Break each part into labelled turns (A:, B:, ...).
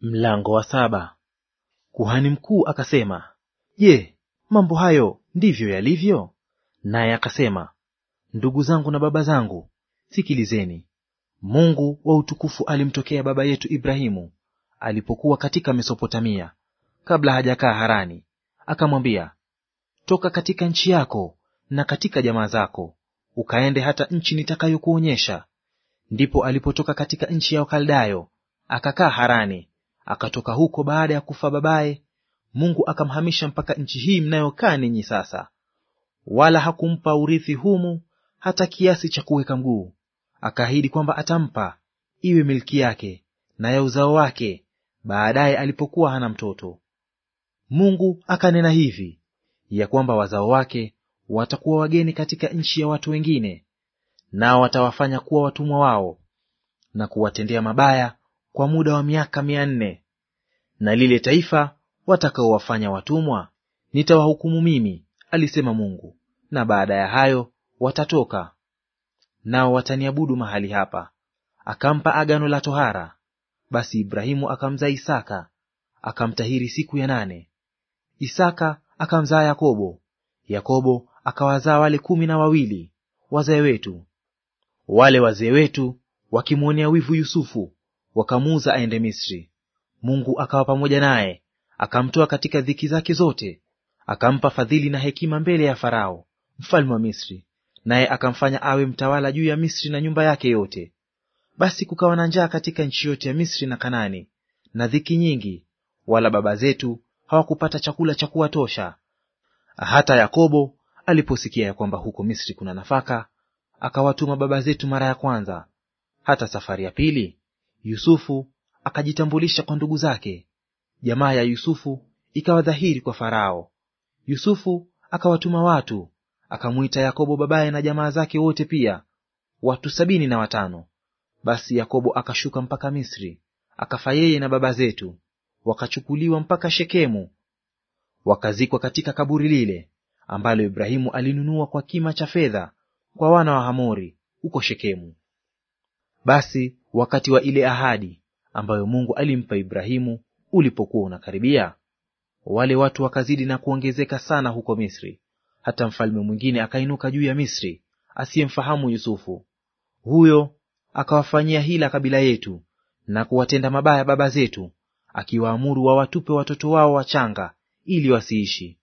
A: Mlango wa saba. Kuhani mkuu akasema, Je, mambo hayo ndivyo yalivyo? Naye akasema, ndugu zangu na baba zangu, sikilizeni. Mungu wa utukufu alimtokea baba yetu Ibrahimu alipokuwa katika Mesopotamia, kabla hajakaa Harani, akamwambia, toka katika nchi yako na katika jamaa zako, ukaende hata nchi nitakayokuonyesha. Ndipo alipotoka katika nchi ya Wakaldayo akakaa Harani Akatoka huko baada ya kufa babaye, Mungu akamhamisha mpaka nchi hii mnayokaa ninyi sasa, wala hakumpa urithi humu hata kiasi cha kuweka mguu. Akaahidi kwamba atampa iwe milki yake na ya uzao wake, baadaye alipokuwa hana mtoto. Mungu akanena hivi ya kwamba wazao wake watakuwa wageni katika nchi ya watu wengine, nao watawafanya kuwa watumwa wao na kuwatendea mabaya kwa muda wa miaka mia nne. Na lile taifa watakaowafanya watumwa nitawahukumu mimi, alisema Mungu, na baada ya hayo watatoka nao wataniabudu mahali hapa. Akampa agano la tohara. Basi Ibrahimu akamzaa Isaka, akamtahiri siku ya nane. Isaka akamzaa Yakobo, Yakobo akawazaa wale kumi na wawili wazee wetu. Wale wazee wetu wakimwonea wivu Yusufu wakamuuza aende Misri. Mungu akawa pamoja naye, akamtoa katika dhiki zake zote, akampa fadhili na hekima mbele ya Farao mfalme wa Misri, naye akamfanya awe mtawala juu ya Misri na nyumba yake yote. Basi kukawa na njaa katika nchi yote ya Misri na kanani na dhiki nyingi, wala baba zetu hawakupata chakula cha kuwatosha. Hata Yakobo aliposikia ya kwamba huko Misri kuna nafaka, akawatuma baba zetu mara ya kwanza. Hata safari ya pili Yusufu akajitambulisha kwa ndugu zake, jamaa ya Yusufu ikawa dhahiri kwa Farao. Yusufu akawatuma watu, akamwita Yakobo babaye na jamaa zake wote pia, watu sabini na watano. Basi Yakobo akashuka mpaka Misri, akafa yeye na baba zetu. Wakachukuliwa mpaka Shekemu, wakazikwa katika kaburi lile ambalo Ibrahimu alinunua kwa kima cha fedha kwa wana wa Hamori huko Shekemu. Basi wakati wa ile ahadi ambayo Mungu alimpa Ibrahimu ulipokuwa unakaribia, wale watu wakazidi na kuongezeka sana huko Misri, hata mfalme mwingine akainuka juu ya Misri asiyemfahamu Yusufu. Huyo akawafanyia hila kabila yetu na kuwatenda mabaya baba zetu, akiwaamuru wawatupe watoto wao wachanga ili wasiishi.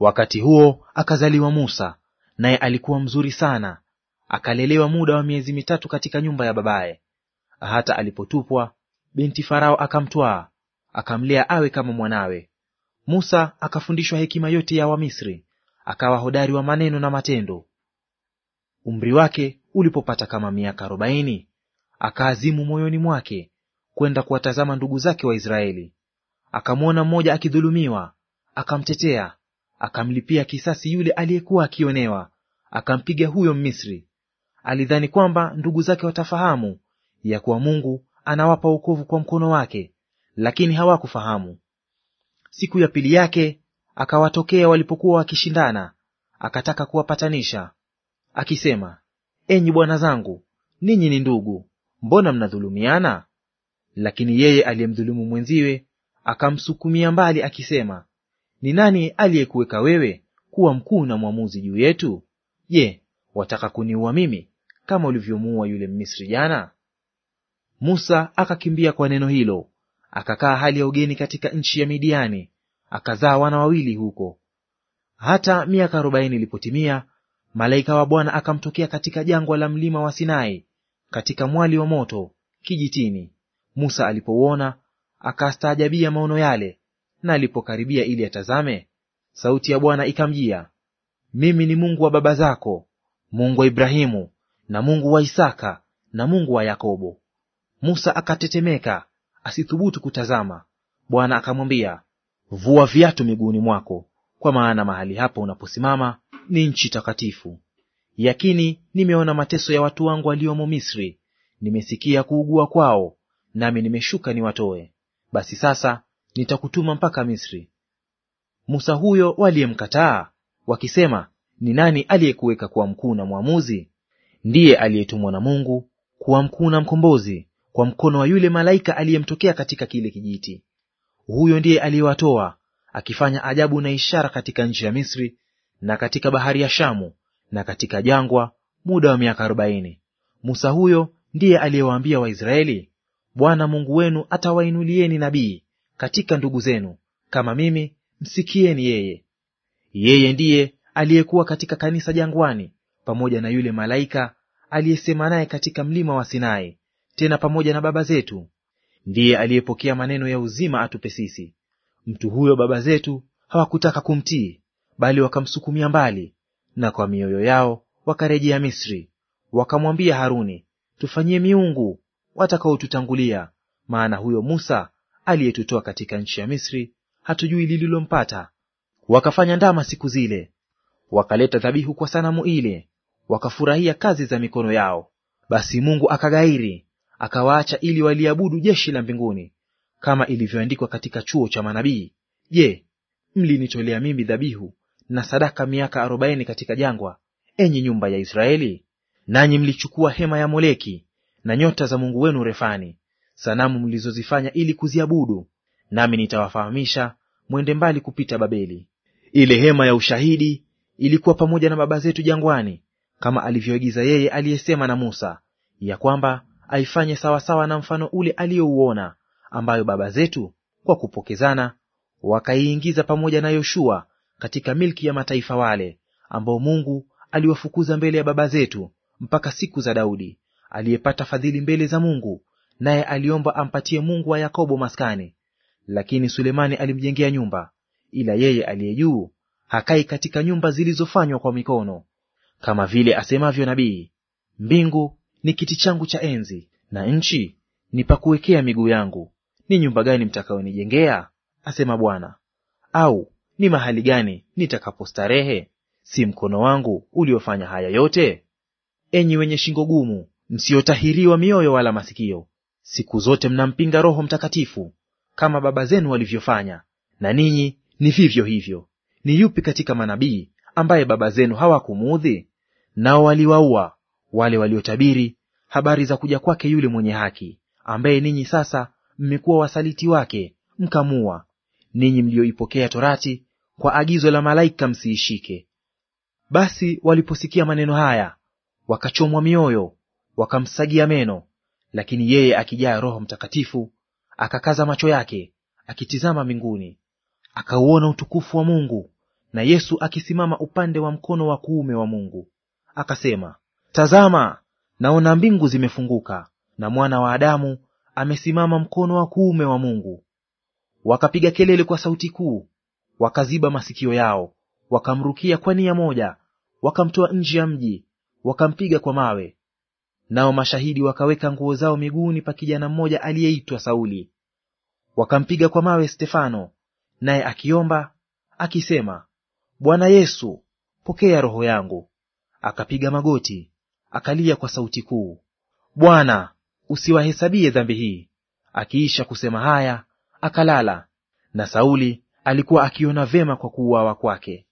A: Wakati huo akazaliwa Musa, naye alikuwa mzuri sana, akalelewa muda wa miezi mitatu katika nyumba ya babaye. Hata alipotupwa, binti Farao akamtwaa akamlea awe kama mwanawe. Musa akafundishwa hekima yote ya Wamisri, akawa hodari wa maneno na matendo. Umri wake ulipopata kama miaka arobaini, akaazimu moyoni mwake kwenda kuwatazama ndugu zake Waisraeli. Akamwona mmoja akidhulumiwa, akamtetea, akamlipia kisasi yule aliyekuwa akionewa, akampiga huyo Mmisri, alidhani kwamba ndugu zake watafahamu ya kuwa Mungu anawapa wokovu kwa mkono wake, lakini hawakufahamu. Siku ya pili yake akawatokea walipokuwa wakishindana, akataka kuwapatanisha akisema, enyi bwana zangu, ninyi ni ndugu, mbona mnadhulumiana? Lakini yeye aliyemdhulumu mwenziwe akamsukumia mbali akisema, ni nani aliyekuweka wewe kuwa mkuu na mwamuzi juu yetu? Je, wataka kuniua mimi kama ulivyomuua yule Mmisri jana? Musa akakimbia kwa neno hilo, akakaa hali ya ugeni katika nchi ya Midiani, akazaa wana wawili huko. Hata miaka arobaini ilipotimia, malaika wa Bwana akamtokea katika jangwa la mlima wa Sinai, katika mwali wa moto kijitini. Musa alipouona akastaajabia maono yale, na alipokaribia ili atazame, sauti ya Bwana ikamjia, mimi ni Mungu wa baba zako, Mungu wa Ibrahimu, na Mungu wa Isaka na Mungu wa Yakobo. Musa akatetemeka asithubutu kutazama. Bwana akamwambia, vua viatu miguuni mwako, kwa maana mahali hapo unaposimama ni nchi takatifu. Yakini nimeona mateso ya watu wangu waliomo Misri, nimesikia kuugua kwao, nami nimeshuka niwatoe. Basi sasa nitakutuma mpaka Misri. Musa huyo waliyemkataa wakisema, ni nani aliyekuweka kuwa mkuu na mwamuzi? ndiye aliyetumwa na Mungu kuwa mkuu na mkombozi kwa mkono wa yule malaika aliyemtokea katika kile kijiti. Huyo ndiye aliyewatoa akifanya ajabu na ishara katika nchi ya Misri na katika bahari ya Shamu na katika jangwa muda wa miaka arobaini. Musa huyo ndiye aliyewaambia Waisraeli, Bwana Mungu wenu atawainulieni nabii katika ndugu zenu kama mimi, msikieni yeye. Yeye ndiye aliyekuwa katika kanisa jangwani pamoja na yule malaika aliyesema naye katika mlima wa Sinai, tena pamoja na baba zetu, ndiye aliyepokea maneno ya uzima atupe sisi. Mtu huyo baba zetu hawakutaka kumtii, bali wakamsukumia mbali, na kwa mioyo yao wakarejea Misri. Wakamwambia Haruni, tufanyie miungu watakaotutangulia, maana huyo Musa aliyetutoa katika nchi ya Misri hatujui lililompata. Wakafanya ndama siku zile, wakaleta dhabihu kwa sanamu ile wakafurahia kazi za mikono yao. Basi Mungu akaghairi, akawaacha ili waliabudu jeshi la mbinguni, kama ilivyoandikwa katika chuo cha manabii: Je, mlinitolea mimi dhabihu na sadaka miaka arobaini katika jangwa, enyi nyumba ya Israeli? Nanyi mlichukua hema ya Moleki na nyota za mungu wenu Refani, sanamu mlizozifanya ili kuziabudu, nami nitawafahamisha mwende mbali kupita Babeli. Ile hema ya ushahidi ilikuwa pamoja na baba zetu jangwani, kama alivyoagiza yeye aliyesema na Musa, ya kwamba aifanye sawasawa na mfano ule aliyouona, ambayo baba zetu kwa kupokezana wakaiingiza pamoja na Yoshua katika milki ya mataifa wale, ambao Mungu aliwafukuza mbele ya baba zetu mpaka siku za Daudi, aliyepata fadhili mbele za Mungu, naye aliomba ampatie Mungu wa Yakobo maskani. Lakini Sulemani alimjengea nyumba, ila yeye aliye juu hakai katika nyumba zilizofanywa kwa mikono, kama vile asemavyo nabii, mbingu ni kiti changu cha enzi, na nchi ni pakuwekea miguu yangu. Ni nyumba gani mtakayonijengea? asema Bwana, au ni mahali gani nitakapostarehe? Si mkono wangu uliofanya haya yote? Enyi wenye shingo gumu, msiotahiriwa mioyo wala masikio, siku zote mnampinga Roho Mtakatifu, kama baba zenu walivyofanya, na ninyi ni vivyo hivyo. Ni yupi katika manabii ambaye baba zenu hawakumuudhi? Nao waliwaua wale waliotabiri habari za kuja kwake yule mwenye haki, ambaye ninyi sasa mmekuwa wasaliti wake, mkamua; ninyi mlioipokea Torati kwa agizo la malaika msiishike. Basi waliposikia maneno haya, wakachomwa mioyo, wakamsagia meno. Lakini yeye akijaa Roho Mtakatifu akakaza macho yake akitizama mbinguni, akauona utukufu wa Mungu na Yesu akisimama upande wa mkono wa kuume wa Mungu akasema, Tazama, naona mbingu zimefunguka na mwana wa Adamu amesimama mkono wa kuume wa Mungu. Wakapiga kelele kwa sauti kuu, wakaziba masikio yao, wakamrukia kwa nia moja, wakamtoa nje ya mji, wakampiga kwa mawe. Nao mashahidi wakaweka nguo zao miguuni pa kijana mmoja aliyeitwa Sauli. Wakampiga kwa mawe Stefano, naye akiomba akisema, Bwana Yesu, pokea roho yangu akapiga magoti, akalia kwa sauti kuu, Bwana, usiwahesabie dhambi hii. Akiisha kusema haya, akalala. Na Sauli alikuwa akiona vema kwa kuuawa kwake.